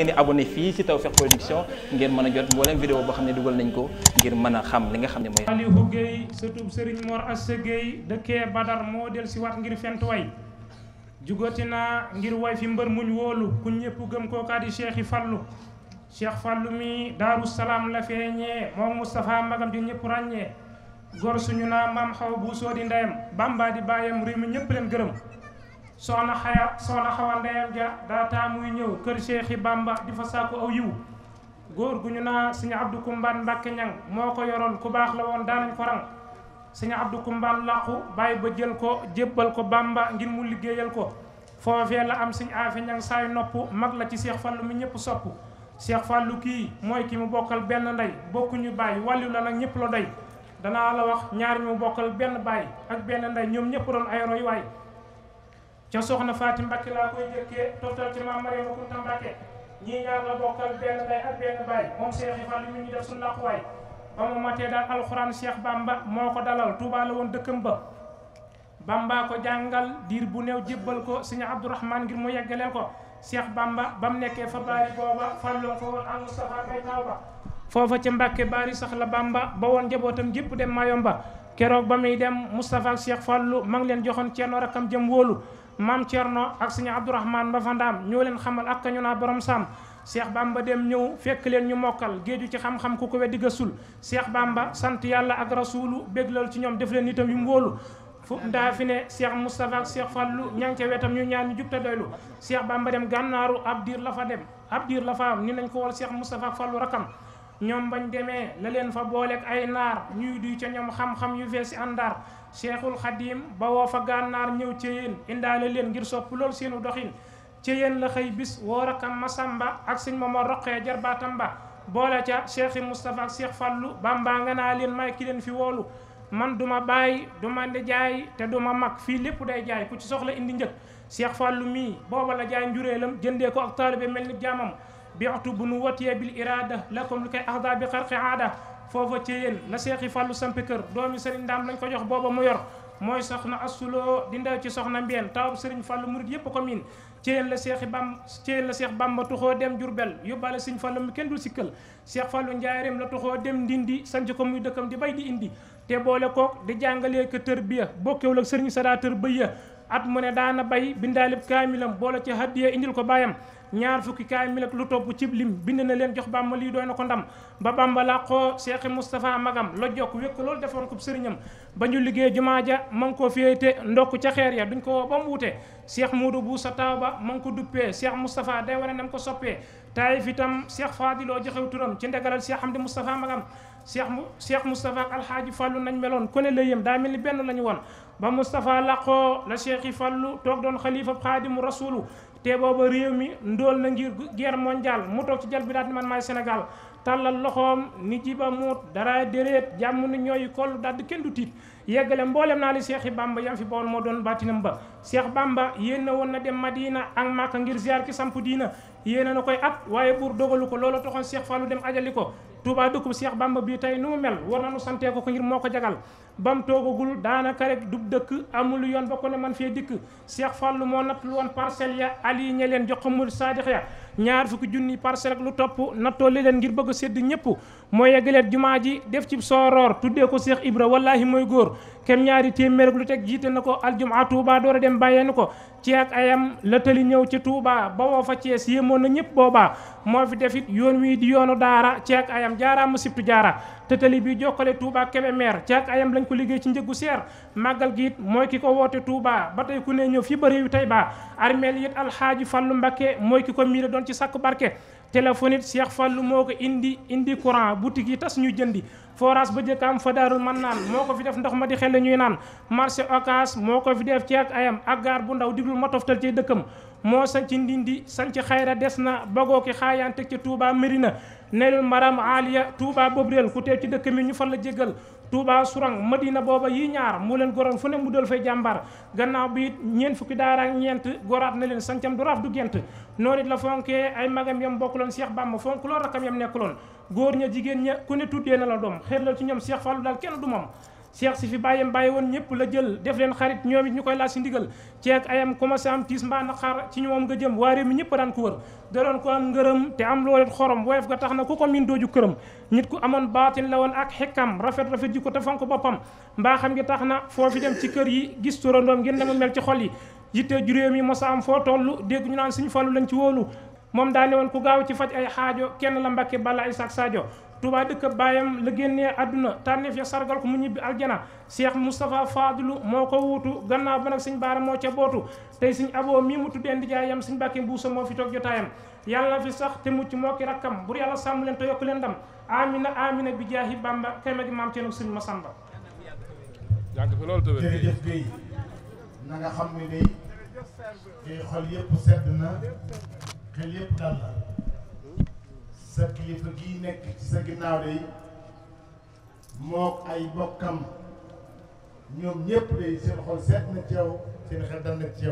ngeen di abonné fii ci Tawfekh Production ngeen mën a jot mboolem vidéo boo xam ne dugal nañ ko ngir mën a xam li nga xam ne mooy. Aliou Guèye sëtub Serigne Mor Assa Guèye dëkkee Badar moo del si waat ngir fent way jugati naa ngir way fi mbër muñ wóolu ku ñëpp gëm kookaa di Cheikh Fallu Cheikh Fallu mi Daaru la feeñee moom Moustapha magam di ñëpp ràññee gor suñu naa maam xaw bu soo di ndeyam Bamba di baayam réew mi ñëpp leen gërëm soxna xaya soxna xawa ndeyam ja daata muy ñëw kër Cheikhi Bamba di fa sàkku aw yiw góor gu ñu naa sëñ Abdu Kumbaan Mbàkke moo ko yoroon ku baax la woon daanañ ko rang sëñ Abdu Kumbaan làqu bàyyi ba jël ko jébbal ko Bamba ngir mu liggéeyal ko foofee la am sëñ Aafe ñang saay nopp mag la ci Cheikh Fallu mi ñëpp sopp Cheikh Fallu kii mooy kii mu bokkal benn ndey bokkuñu bàyyi wàllu la nag ñëpp la doy danaa la wax ñaar ñu mu bokkal benn baay ak benn ndey ñoom ñëpp doon ay ca soxna Faati Mbakke laa koy jëkkee toftal ci maam Mariama Kunta Mbakke ñii ñaar la bokkal benn bay ak benn baay moom Cheikh yi Fall mi ñu def su naquwaay ba mu matee daal alxuraan Cheikh Bamba moo ko dalal Touba la woon dëkkam ba Bamba ko jàngal diir bu néew jébbal ko sëñ Abdourahman ngir mu ko Cheikh Bamba ba mu nekkee fa baari booba fàlloo ko woon ak Moustapha Bay naaw ba foofa ca Mbàkke baari sax la Bamba ba woon njabootam gépp dem Mayomba keroog ba muy dem Moustapha ak Cheikh Fallou ma leen joxoon ceeno rakkam jëm maam Thierno ak sëñ Abdourahman ba fa ndaam ñoo leen xamal ak kañu naa borom saam Cheikh Bamba dem ñëw fekk leen ñu mokkal géeju ci xam-xam ku ko weddi gësul Cheikh Bamba sant yàlla ak rasuulu béglal ci ñoom def leen itam yu mu wóolu fu ndaa fi ne Cheikh Moustapha ak Cheikh Fallou ña wetam ñu ñaan ñu jub te doylu Cheikh Bamba dem gànnaaru ab diir la fa dem ab diir la fa am ni nañ ko wol Cheikh Moustapha ak Fallou rakam ñoom bañ demee la leen fa booleeg ay naar ñuy duy ca ñoom xam-xam yu feesi àndaar cheikhul xadim ba woo fa gànnaar ñëw ci yéen indaale leen ngir sopp lool seenu doxin ca yéen la xëy bis woo rakam Masamba ak sëñ Momar Roqee jarbaatam ba boole ca cheikhi Moustapha ak fàllu Fallou bambaa nga naa leen may ki leen fi woolu man duma bàyyi duma ndi jaay te duma mag fii lépp day jaay ku ci soxla indi njëg cheikh Fallou mii booba la jaay njureelam jëndee ko ak mel ni jaamam biatu bu nu watiya bil irada lakum li koy axda bi xarqi aada foofa ci la seexi fàllu sampi kër doomi sëriñ ndaam lañ ko jox booba mu yor mooy soxna assuloo di ndaw ci soxna mbiyeen tawab sëriñ fàllu murit yépp ko miin ci yéen la seexi bam ci yéen la seex bamba tuxoo dem jurbel yóbbaale sëriñ fàllu mu kenn dul sikkal seex fàllu njaareem la tuxoo dem ndindi sanc ko muy dëkkam di bay di indi te boole kook di jàngalee ko tër biya bokkewul ak sëriñ sadaa tër bëya at mu ne daana bay bindaalib kaamilam boole ci hadiya indil ko baayam ñaar fukki kaamil ak lu topp cib lim bind na leen jox baam bàmba lii doy na ko ndam ba bàmba làqoo Cheikh Moustapha magam la jokk wekk loolu defoon ko sëriñam ba ñu liggéey jumaa ja ma ngi ko féete ndokk ca xeer ya duñ ko woo ba mu wute Cheikh Moudou bu sa taw ba ma ngi ko duppee Cheikh Moustapha day wane nam ko soppee taayif itam Cheikh Fadiloo joxew turam ci ndegalal Cheikh Hamdi Moustapha magam Cheikh mu Cheikh Moustapha ak Alxaaji Fàllu nañ meloon kone la yëm daa mel ni benn lañu woon ba Moustapha làqoo la Cheikh yi Fàllu toog doon xalifa xaadimu rasulu te booba réew mi ndóol na ngir guerre mondiale mu toog ci jal bi daal di man may Sénégal tàllal loxoom ni jiba muut dara déréet jàmm nu ñooy kollu dadd kenn du tiit yeggale mboolem naa li seexi bamba yam fi bowoon moo doon baatinam ba seex bamba yéen na woon na dem madina ak màkka ngir ziar ki samp diina yéena na koy at waaye buur dogalu ko loola taxoon seex fallu dem ajali ko tubaa dëkkub Cheikh Bamba bii tey nu mu mel war nañu santee ko ko ngir moo ko jagal bam mu toogagul daanaka rek dub dëkk amul yoon ba ko ne man fee dikk Cheikh Fallou moo nattul woon parcelle ya leen jox ko mu saadix ya ñaar fukki junni parcelle ak lu topp nattoo li leen ngir bëgg a sédd ñëpp moo yeggaleet jumaa ji def ci sooroor tuddee ko Cheikh Ibra wallahi mooy góor kem ñaari téeméer lu teg jiite na ko aljumaa Touba door a dem bàyyeen ko ci ak ayam la tëli ñëw ci Touba ba woo fa Cees yéemoon na ñëpp boobaa moo fi defit yoon wii di yoonu daara ci ak jaaraa jaaraama sibtu jaara te tali bi jokkale Touba Kébémer ci ak ayam lañ ko liggéey ci njëggu seer màggal gi mooy ki ko woote tuubaa ba tey ku ne ñëw fii fi yu réew baa armeel it alxaaji Fallou Mbacké mooy ki ko miire doon ci sàkku barke téléphone it Cheikh moo ko indi indi courant boutique yi tas ñu jëndi forage ba jëkk am fa daarul man naan moo ko fi def ndox ma di xel ñuy naan marché Ocass moo ko fi def ci ak ayam ak gaar bu ndaw diglu ma toftal ci dëkkam moo sanc ndindi sanc xayra des na bagoo ki xaayante ca Touba Mérina nel maram aliya Touba bobreel ku teew ci dëkk mi ñu fan la jéggal Touba Sourang Madina booba yi ñaar moo leen goroon fu ne mu del fay jàmbar gannaaw bi it ñeent fukki daara ak ñeent goraat na leen sancam du raaf du gent noonu it la fonkee ay magam yam bokkuloon Cheikh Bamba fonkuloon rakam yam nekkuloon góor ña jigéen ña ku ne tuddee na la doom xéer la ci ñoom Cheikh Fallou daal kenn du moom cheikh si fi bàyyam bàyyi woon ñëpp la jël def leen xarit ñoom it ñu koy laaj si ndigal ceeg ayam commencé am tiis mbaa naqar ci ñoom nga jëm waa réew mi ñëpp daan ko wër da doon ko am ngërëm te am loolet xorom woyof ga tax na ku ko min dooju këram nit ku amoon baatin la woon ak xekkam rafet rafet ji ko te fonk boppam mbaa xam ngi tax na foo fi dem ci kër yi gis turandoom ngeen dama mel ci xol yi yitte juróom yi mosa am foo toll dégg ñu naan suñu falu lañ ci wóolu moom daa ne woon ku gaaw ci faj ay kenn la mbàkke bala ay saak Touba dëkk baayam la génnee àdduna tànneef ya sargal ko mu ñibbi aljana Cheikh Moustapha Fadilu moo ko wuutu gannaaw ba nag sëñ Baara moo ca bootu tey sëñ Abo mii mu tuddee ndijaayam sëñ Mbàkke Buusa moo fi toog jotaayam yàlla na fi sax te mucc moo ki rakkam bur yàlla sàmm leen te yokk leen ndam amina amina bi jaahi Bamba kayma gi maam Ceerno sëñ Masamba yàgg fi loolu tawé jërëjëf Guèye na nga kilifa gii nekk ci sa ginnaaw day mook ay bokkam ñoom ñépp day seen xol seet na ci yow seen xel dal na ci